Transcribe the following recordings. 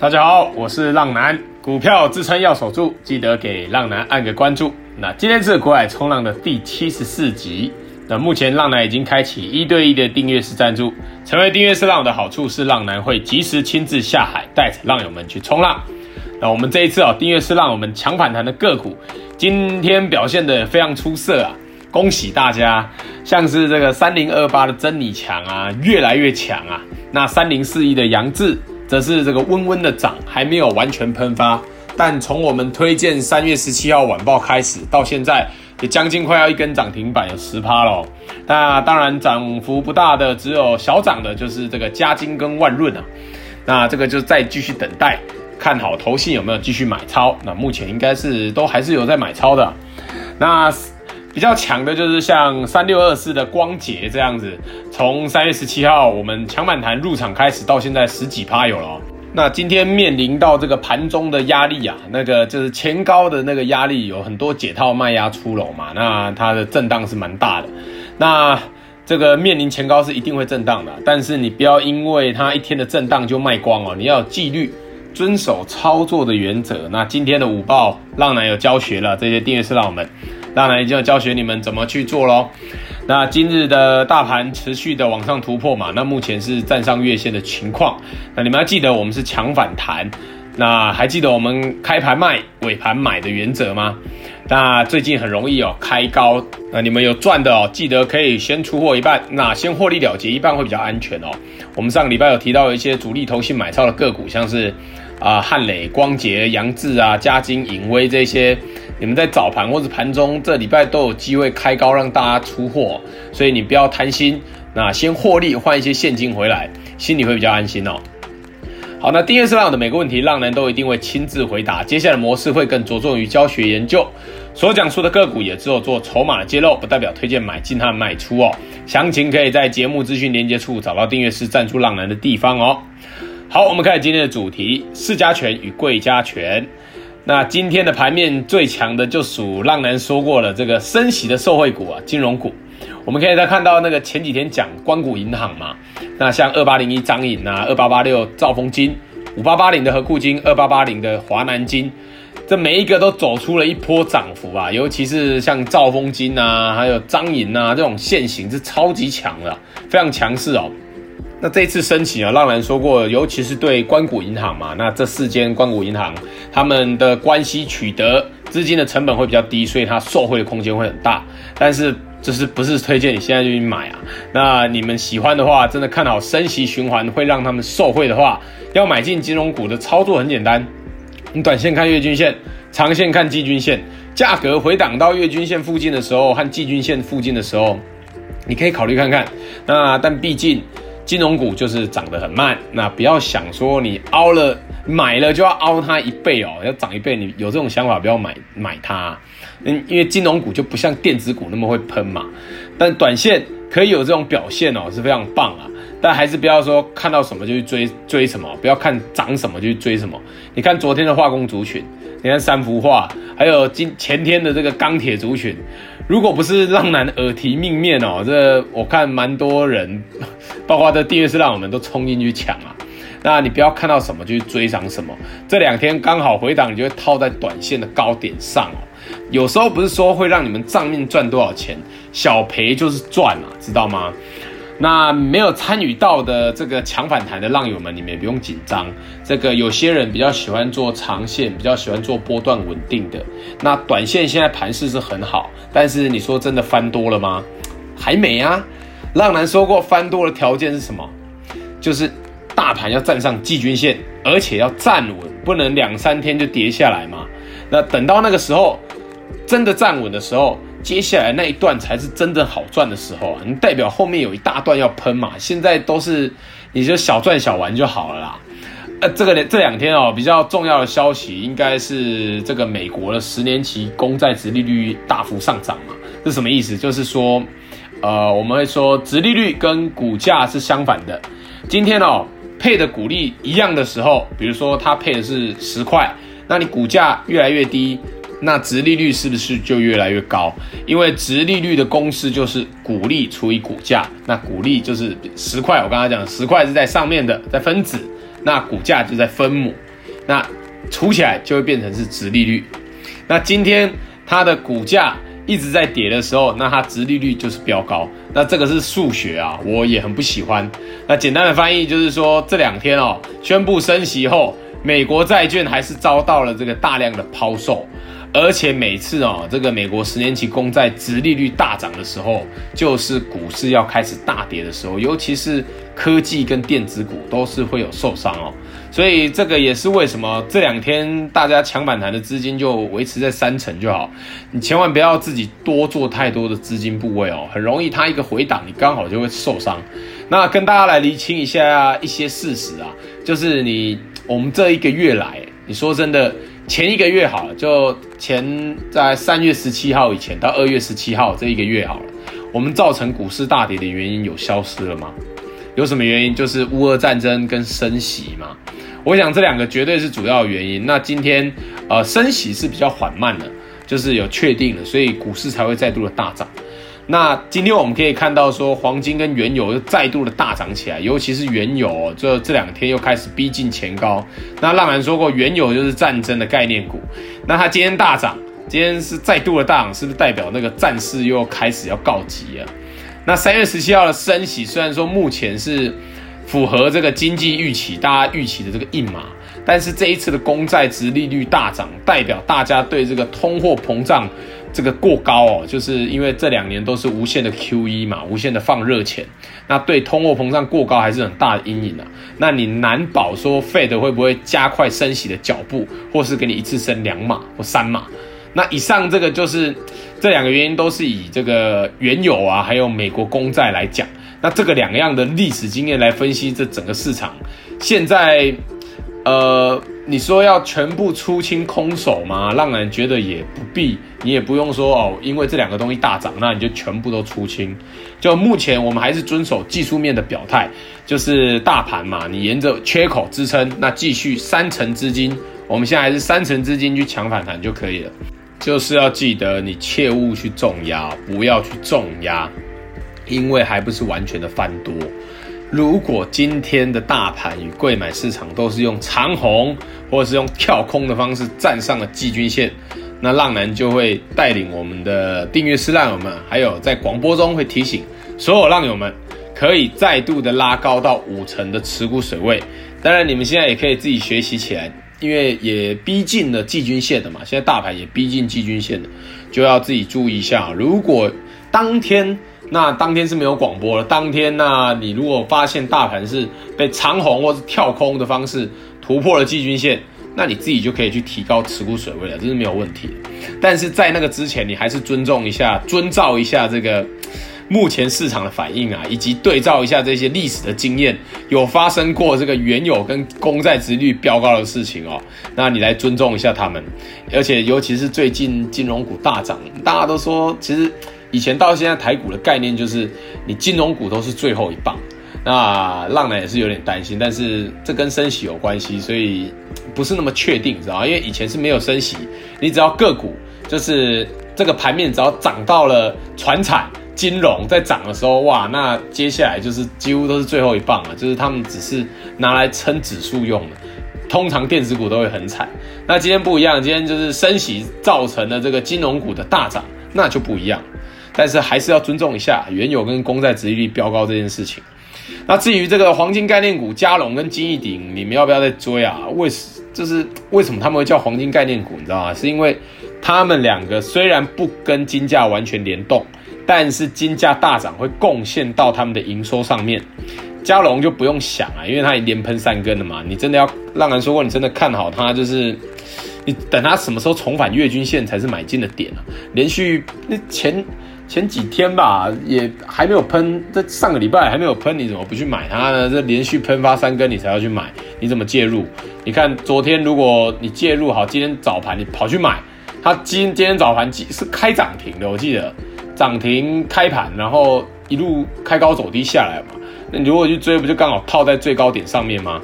大家好，我是浪男，股票支撐要守住，記得給浪男按個關注。那今天是股海衝浪的第七十四集。那目前浪男已經開啟一對一的訂閱式贊助，成為訂閱式浪友的好處是，浪男會吉時親自下海，帶着浪友們去衝浪。那我們這一次啊，訂閱式浪友們搶反彈的個股，今天表現得也非常出色啊，恭喜大家！像是這個三零二八的增你強啊，越來越強啊。那三零四一的揚智。則是這個溫溫的漲，還沒有完全噴發，但從我們推薦三月十七號晚報開始到現在，也將近快要一根漲停板，有十趴了。那當然漲幅不大的，只有小漲的，就是這個嘉晶跟萬潤啊。那這個就再繼續等待，看好投信有沒有繼續買超？那目前應該是都還是有在買超的。那。比較強的就是像三六二四的光頡這樣子，從三月十七號我們搶反彈入場開始到現在十幾趴有了、喔。那今天面臨到這個盤中的壓力啊,那個就是前高的那個壓力有很多解套賣壓出籠嘛,那它的震盪是蠻大的。那這個面臨前高是一定會震盪的,但是你不要因為它一天的震盪就賣光哦、喔,你要有紀律遵守操作的原則。那今天的午報浪男有教學了,這些訂閱式浪友們。當然，一定要教學你們怎麼去做嘍。那今日的大盤持續的往上突破嘛，那目前是站上月線的情況。那你們要記得，我們是搶反彈。那還記得我們開盤賣，尾盤買的原則嗎？那最近很容易哦，開高。那你們有賺的哦，記得可以先出貨一半，那先獲利了結一半會比較安全哦。我們上個禮拜有提到一些主力投信買超的個股，像是啊、呃、漢磊、光頡、揚智啊、嘉晶、穎威這些。你們在早盤或者盤中，這禮拜都有機會開高，讓大家出貨，所以你不要貪心，那先獲利換一些現金回來，心裡會比較安心哦。好，那訂閱式浪友的每個問題，浪男都一定會親自回答。接下來模式會更着重於教學研究，所講述的個股也只有做籌碼揭露，不代表推薦買進和賣出哦。詳情可以在節目資訊連結處找到訂閱式贊助浪男的地方哦。好，我們看今天的主題：市加權與櫃加權。那今天的盤面最強的就屬浪男說過了，這個升息的受惠股啊，金融股，我們可以再看到那個前幾天講官股銀行嘛，那像二八零一彰銀啊，二八八六兆豐金，五八八零的合庫金，二八八零的華南金，這每一個都走出了一波漲幅啊，尤其是像兆豐金啊，還有彰銀啊這種線型是超級強的，非常強勢哦。那這一次升息啊，浪男說過，尤其是對官股銀行嘛，那這四間官股銀行他們的關係取得資金的成本會比較低，所以它受惠的空間會很大。但是這是不是推薦你現在就去買啊？那你們喜歡的話，真的看好升息循環會讓他們受惠的話，要買進金融股的操作很簡單，你短線看月均線，長線看季均線，價格回檔到月均線附近的時候和季均線附近的時候，你可以考慮看看。那但畢竟。金融股就是漲得很慢，那不要想說你凹了買了就要凹它一倍哦，要漲一倍，你有這種想法不要買買它，嗯，因為金融股就不像電子股那麼會噴嘛，但短線可以有這種表現哦，是非常棒啊，但還是不要說看到什麼就去追追什麼，不要看漲什麼就去追什麼。你看昨天的化工族群，你看三福化，還有今前天的這個鋼鐵族群。如果不是浪男耳提面命哦，這我看蠻多人，包括這訂閱式讓我們都衝進去搶啊。那你不要看到什麼就去、是、追漲什麼，這兩天剛好回檔，你就會套在短線的高點上哦。有時候不是說會讓你們賬面賺多少錢，小賠就是賺了、啊，知道嗎？那沒有參與到的這個搶反彈的浪友們，你們也不用緊張。這個有些人比較喜歡做長線，比較喜歡做波段穩定的。那短線現在盤勢是很好，但是你說真的翻多了嗎？還沒呀、啊。浪男說過翻多的條件是什麼？就是大盤要站上季均線，而且要站穩，不能兩三天就跌下來嘛。那等到那個時候，真的站穩的時候。接下來那一段才是真正好賺的時候你代表後面有一大段要噴嘛？現在都是你就小賺小玩就好了啦。呃，這個呢，這兩天哦，比較重要的消息應該是這個美國的十年期公債殖利率大幅上漲嘛？是什麼意思？就是說，呃，我們會說殖利率跟股價是相反的。今天哦配的股利一樣的時候，比如說它配的是十塊，那你股價越來越低。那殖利率是不是就越來越高？因為殖利率的公式就是股利除以股價。那股利就是十塊，我剛才講十塊是在上面的，在分子。那股價就在分母，那除起來就會變成是殖利率。那今天它的股價一直在跌的時候，那它殖利率就是飆高。那這個是數學啊，我也很不喜歡。那簡單的翻譯就是說，這兩天哦、喔，宣布升息後，美國債券還是遭到了這個大量的拋售。而且每次哦，這個美國十年期公債殖利率大漲的時候，就是股市要開始大跌的時候，尤其是科技跟電子股都是會有受傷哦。所以這個也是為什麼這兩天大家搶反彈的資金就維持在三成就好，你千萬不要自己多做太多的資金部位哦，很容易它一個回檔你剛好就會受傷。那跟大家來釐清一下一些事實啊，就是你，我們這一個月來，你說真的。前一個月好了，就前在三月十七號以前到二月十七號這一個月好了。我們造成股市大跌的原因有消失了嗎？有什麼原因？就是烏俄戰爭跟升息嘛。我想這兩個絕對是主要原因。那今天呃，升息是比較緩慢的，就是有確定的，所以股市才會再度的大漲。那今天我們可以看到，說黃金跟原油又再度的大漲起來，尤其是原油，就這兩天又開始逼近前高。那浪男說過，原油就是戰爭的概念股。那它今天大漲，今天是再度的大漲，是不是代表那個戰事又開始要告急啊？那三月十七號的升息，雖然說目前是符合這個經濟預期，大家預期的這個一碼，但是這一次的公債殖利率大漲，代表大家對這個通貨膨脹。這個過高哦，就是因為這兩年都是無限的 QE 嘛，無限的放熱錢，那對通貨膨脹過高還是很大的陰影啊。那你難保說 Fed 會不會加快升息的腳步，或是給你一次升兩碼或三碼？那以上這個就是這兩個原因，都是以這個原油啊，還有美國公債來講，那這個兩樣的歷史經驗來分析這整個市場，現在，呃。你說要全部出清空手嗎？浪男覺得也不必，你也不用說哦，因為這兩個東西大漲，那你就全部都出清。就目前我們還是遵守技術面的表態，就是大盤嘛，你沿着缺口支撐，那繼續三成資金，我們現在還是三成資金去搶反彈就可以了。就是要記得，你切勿去重壓，不要去重壓，因為還不是完全的翻多。如果今天的大盤與櫃買市場都是用長紅或者是用跳空的方式站上了季均線，那浪男就會帶領我們的訂閱式浪友們，還有在廣播中會提醒所有浪友們，可以再度的拉高到五成的持股水位。當然，你們現在也可以自己學習起來，因為也逼近了季均線的嘛，現在大盤也逼近季均線的，就要自己注意一下。如果當天，那當天是沒有廣播了。當天那、啊、你如果發現大盤是被長紅或是跳空的方式突破了季均線，那你自己就可以去提高持股水位了，這是沒有問題。但是在那個之前，你還是尊重一下、遵照一下這個目前市場的反應啊，以及對照一下這些歷史的經驗，有發生過這個原油跟公債殖利率飆高的事情哦、喔。那你來尊重一下他們，而且尤其是最近金融股大漲，大家都說其實。以前到現在，台股的概念就是你金融股都是最後一棒，那浪男也是有點擔心，但是這跟升息有關係，所以不是那麼確定，知道嗎？因為以前是沒有升息，你只要個股就是這個盤面只要漲到了傳產金融在漲的時候，哇，那接下來就是幾乎都是最後一棒了，就是他們只是拿來撐指數用的，通常電子股都會很慘。那今天不一樣，今天就是升息造成了這個金融股的大漲，那就不一樣。但是還是要尊重一下原油跟公債殖利率飆高這件事情。那至於這個黃金概念股佳龍跟金益鼎，你們要不要再追啊？為什？就是為什麼他們會叫黃金概念股？你知道嗎？是因為他們兩個雖然不跟金價完全聯動，但是金價大漲會貢獻到他們的營收上面。佳龍就不用想啊，因為他已連噴三根了嘛。你真的要讓人說過你真的看好他，就是你等他什麼時候重返月均線才是買進的點啊。連續那前。前幾天吧，也還沒有噴。這上個禮拜還沒有噴，你怎麼不去買它呢？這連續噴發三根，你才要去買，你怎麼介入？你看昨天，如果你介入好，今天早盤你跑去買它，今今天早盤是開漲停的，我記得漲停開盤，然後一路開高走低下來嘛。那你如果去追，不就剛好套在最高點上面嗎？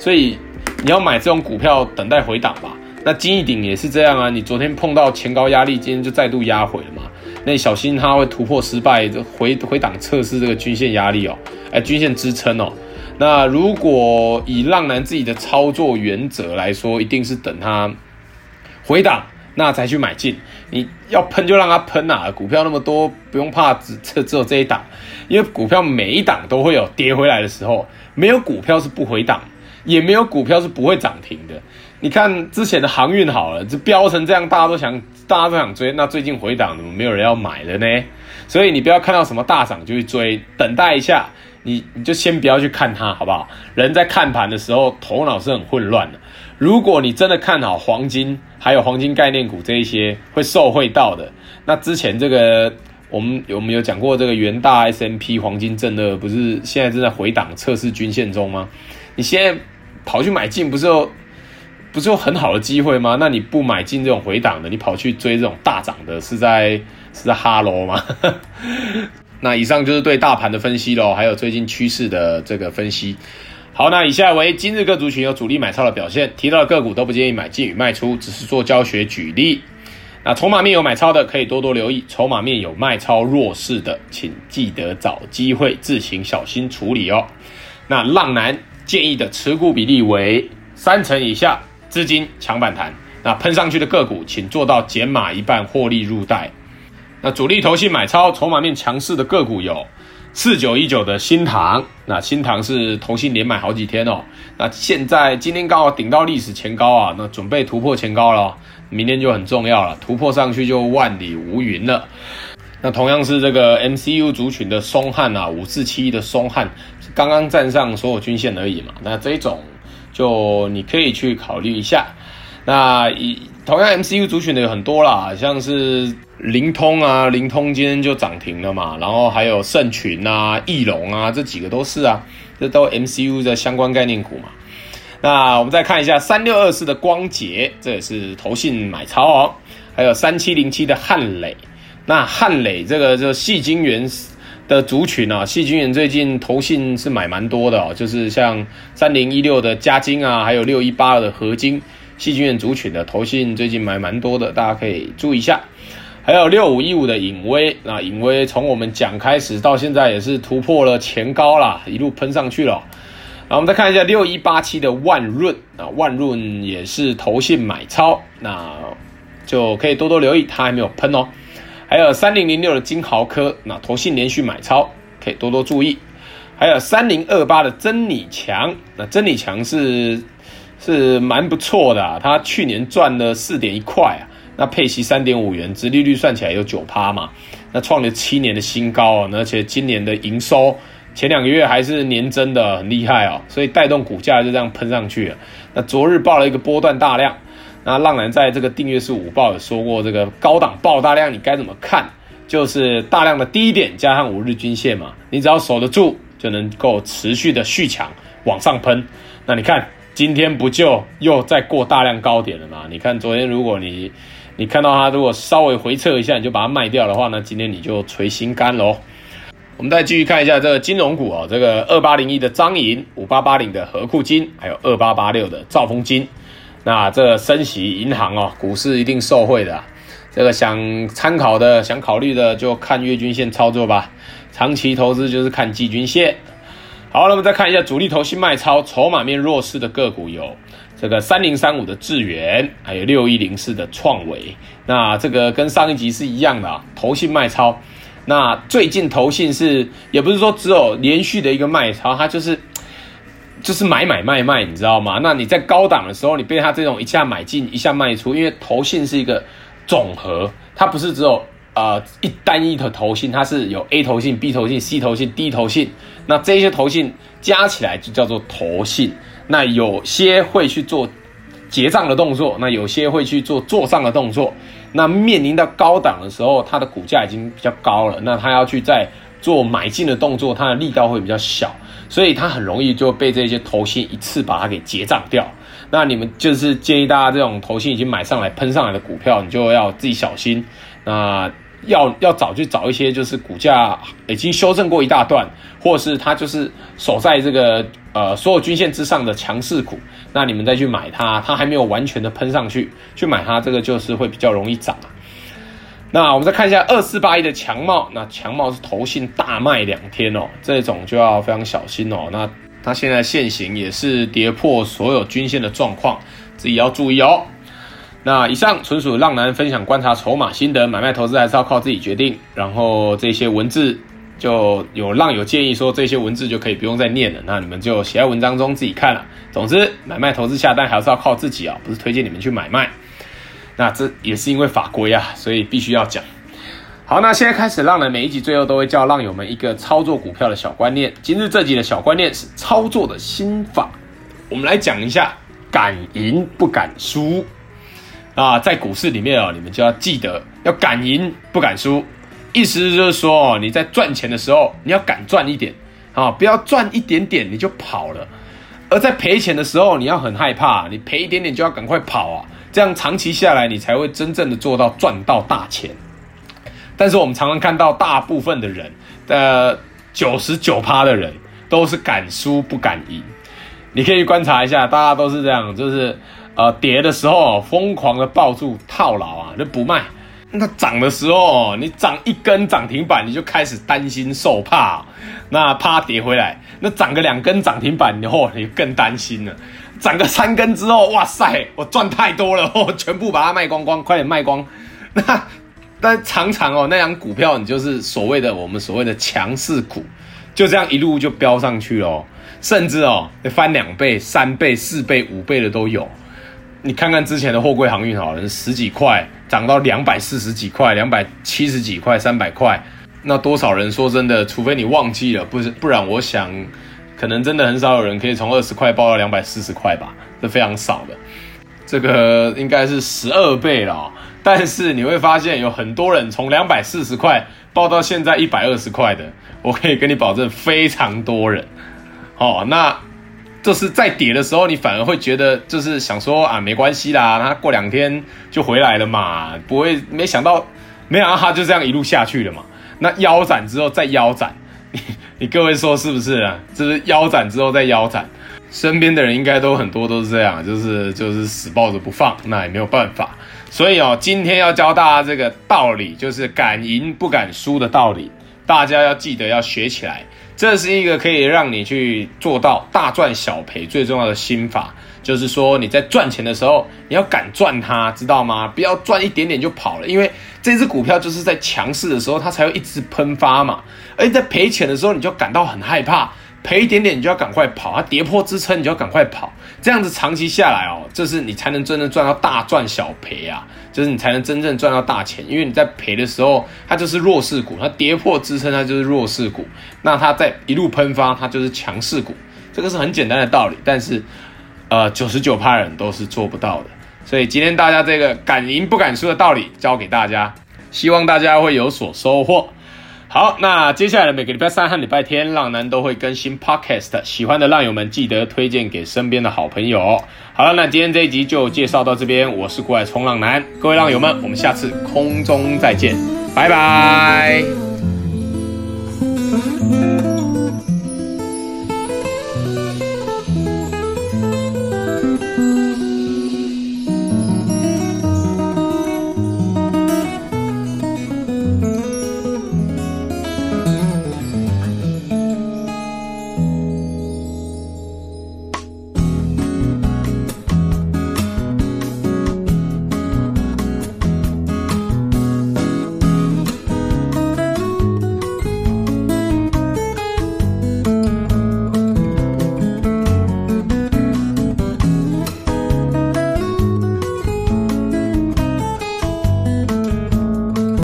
所以你要買這種股票，等待回檔吧。那金益鼎也是這樣啊，你昨天碰到前高壓力，今天就再度壓回了嘛。那你小心它會突破失敗，回回檔測試這個均線壓力哦，哎均線支撐哦。那如果以浪男自己的操作原則來說，一定是等它回檔，那才去買進。你要噴就讓它噴啊，股票那麼多，不用怕只測只有這一檔，因為股票每一檔都會有跌回來的時候，沒有股票是不回檔，也沒有股票是不會漲停的。你看之前的航運好了，這飆成這樣，大家都想，大家都想追。那最近回檔怎麼沒有人要買了呢？所以你不要看到什麼大漲就去追，等待一下，你你就先不要去看它，好不好？人在看盤的時候頭腦是很混亂的。如果你真的看好黃金，還有黃金概念股這一些會受惠到的。那之前這個我們我們有講過這個元大 S&P 黃金正2，不是現在正在回檔測試均線中嗎？你現在跑去買進，不是不是有很好的機會嗎？那你不買進這種回檔的，你跑去追這種大漲的是，是在是在哈嘍嗎？ 那以上就是對大盤的分析嘍，還有最近趨勢的這個分析。好，那以下為今日各族群有主力買超的表現，提到的個股都不建議買進與賣出，只是做教學舉例。那籌碼面有買超的可以多多留意，籌碼面有賣超弱勢的，請記得找機會自行小心處理哦。那浪男建議的持股比例為三成以下。資金搶反彈，那噴上去的個股，請做到減碼一半，獲利入袋。那主力投信買超，籌碼面強勢的個股有四九一九的新唐。那新唐是投信連買好幾天哦。那現在今天剛好頂到歷史前高啊，那準備突破前高了，明天就很重要了，突破上去就萬里無雲了。那同樣是這個 MCU 族群的松翰啊，五四七一的松翰，剛剛站上所有均線而已嘛。那這種。就你可以去考慮一下，那同樣 MCU 族群的有很多啦，像是靈通啊，靈通今天就漲停了嘛，然後還有盛群啊、翼龍啊，這幾個都是啊，這都 MCU 的相關概念股嘛。那我們再看一下三六二四的光頡，這也是投信買超哦，還有三七零七的漢磊，那漢磊這個就矽晶圓。的族群啊，矽晶圓最近投信是買蠻多的哦，就是像三零一六的嘉晶啊，還有六一八二的合晶，矽晶圓族群的投信最近買蠻多的，大家可以注意一下。還有六五一五的穎威，那穎威從我們講開始到現在也是突破了前高了，一路噴上去了。好，我們再看一下六一八七的萬潤，啊，萬潤也是投信買超，那就可以多多留意，它還沒有噴哦。還有三零零六的金豪科，那投信連續買超，可以多多注意。還有三零二八的增你強，那增你強是是蠻不錯的啊，他去年賺了四點一塊啊，那配息三點五元，殖利率算起來有九趴嘛，那創了七年的新高啊，那而且今年的營收前兩個月還是年增的很厲害啊，所以帶動股價就這樣噴上去了。那昨日爆了一個波段大量。那浪男在這個訂閱式午報有說過，這個高檔爆大量，你該怎麼看？就是大量的低點加上五日均線嘛，你只要守得住，就能夠持續的續強往上噴。那你看今天不就又再過大量高點了嘛？你看昨天如果你你看到它如果稍微回撤一下，你就把它賣掉的話，那今天你就捶心肝嘍。我們再繼續看一下這個金融股哦，這個二八零一的彰銀，五八八零的合庫金，還有二八八六的兆豐金。那這個升息銀行哦，股市一定受惠的、啊。這個想參考的、想考慮的，就看月均線操作吧。長期投資就是看季均線。好，那麼再看一下主力投信賣超、籌碼面弱勢的個股有這個三零三五的智原，還有六一零四的創惟。那這個跟上一集是一樣的、啊，投信賣超。那最近投信是也不是說只有連續的一個賣超，它就是。就是買買賣賣，你知道嗎？那你在高檔的時候，你被他這種一下買進、一下賣出，因為投信是一個總和，它不是只有呃一單一的投信，它是有 A 投信、B 投信、C 投信、D 投信，那這些投信加起來就叫做投信。那有些會去做結賬的動作，那有些會去做做賬的動作。那面臨到高檔的時候，它的股價已經比較高了，那它要去再做買進的動作，它的力道會比較小。所以它很容易就被這些投信一次把它給結賬掉。那你們就是建議大家，這種投信已經買上來噴上來的股票，你就要自己小心。那、呃、要要找去找一些就是股價已經修正過一大段，或者是它就是守在這個呃所有均線之上的強勢股。那你們再去買它，它還沒有完全的噴上去，去買它這個就是會比較容易漲。那我們再看一下二四八一的強茂，那強茂是投信大賣兩天哦，這種就要非常小心哦。那它現在線型也是跌破所有均線的狀況，自己要注意哦。那以上純屬浪男分享觀察籌碼心得，買賣投資還是要靠自己決定。然後這些文字就有浪友建議說這些文字就可以不用再念了，那你們就寫在文章中自己看了。總之，買賣投資下單還是要靠自己啊、哦，不是推薦你們去買賣。那這也是因為法規啊，所以必須要講。好，那現在開始浪男，浪男每一集最後都會教浪友們一個操作股票的小觀念。今日這集的小觀念是操作的心法，我們來講一下：敢贏不敢輸啊！在股市裡面哦，你們就要記得要敢贏不敢輸，意思就是說哦，你在賺錢的時候你要敢賺一點啊、哦，不要賺一點點你就跑了；而在賠錢的時候你要很害怕，你賠一點點就要趕快跑啊。這樣長期下來，你才會真正的做到賺到大錢。但是我們常常看到大部分的人，呃，九十九趴的人都是敢輸不敢贏。你可以觀察一下，大家都是這樣，就是呃跌的時候瘋狂的抱住套牢啊，就不賣。那漲的時候，你漲一根漲停板，你就開始擔心受怕，那怕跌回來；那漲個兩根漲停板，你後來就更擔心了。漲個三根之後，哇塞，我賺太多了哦，全部把它賣光光，快點賣光。那但常常哦，那樣股票你就是所謂的我們所謂的強勢股，就這樣一路就飆上去了哦，甚至哦，你翻兩倍、三倍、四倍、五倍的都有。你看看之前的貨櫃航運，好，人十幾塊漲到兩百四十幾塊、兩百七十幾塊、三百塊，那多少人？說真的，除非你忘記了，不是，不然我想，可能真的很少有人可以從二十塊爆到兩百四十塊吧，這非常少的。這個應該是十二倍了哦，但是你會發現有很多人從兩百四十塊爆到現在一百二十塊的，我可以跟你保證，非常多人。好，哦，那。就是在跌的時候，你反而會覺得，就是想說啊，沒關係啦，他過兩天就回來了嘛，不會。沒想到，沒想到，他就這樣一路下去了嘛。那腰斬之後再腰斬，你你各位說是不是啊？這、就是腰斬之後再腰斬，身邊的人應該都很多都是這樣，就是就是死抱着不放，那也沒有辦法。所以哦，今天要教大家這個道理，就是敢贏不敢輸的道理，大家要記得要學起來。這是一個可以讓你去做到大賺小賠最重要的心法，就是說你在賺錢的時候，你要敢賺它，知道嗎？不要賺一點點就跑了，因為這只股票就是在強勢的時候，它才會一直噴發嘛。而在賠錢的時候，你就感到很害怕，賠一點點你就要趕快跑，它跌破支撐，你就要趕快跑。這樣子長期下來哦，這是你才能真的賺到大賺小賠啊。就是你才能真正賺到大錢，因為你在賠的時候，它就是弱勢股；它跌破支撐，它就是弱勢股；那它在一路噴發，它就是強勢股。這個是很簡單的道理，但是，呃，九十九趴人都是做不到的。所以今天大家這個敢贏不敢輸的道理教給大家，希望大家會有所收穫。好，那接下來的每個禮拜三和禮拜天，浪男都會更新 podcast，喜歡的浪友們記得推薦給身邊的好朋友。好了，那今天這一集就介紹到這邊，我是股海衝浪男，各位浪友們，我們下次空中再見，拜拜。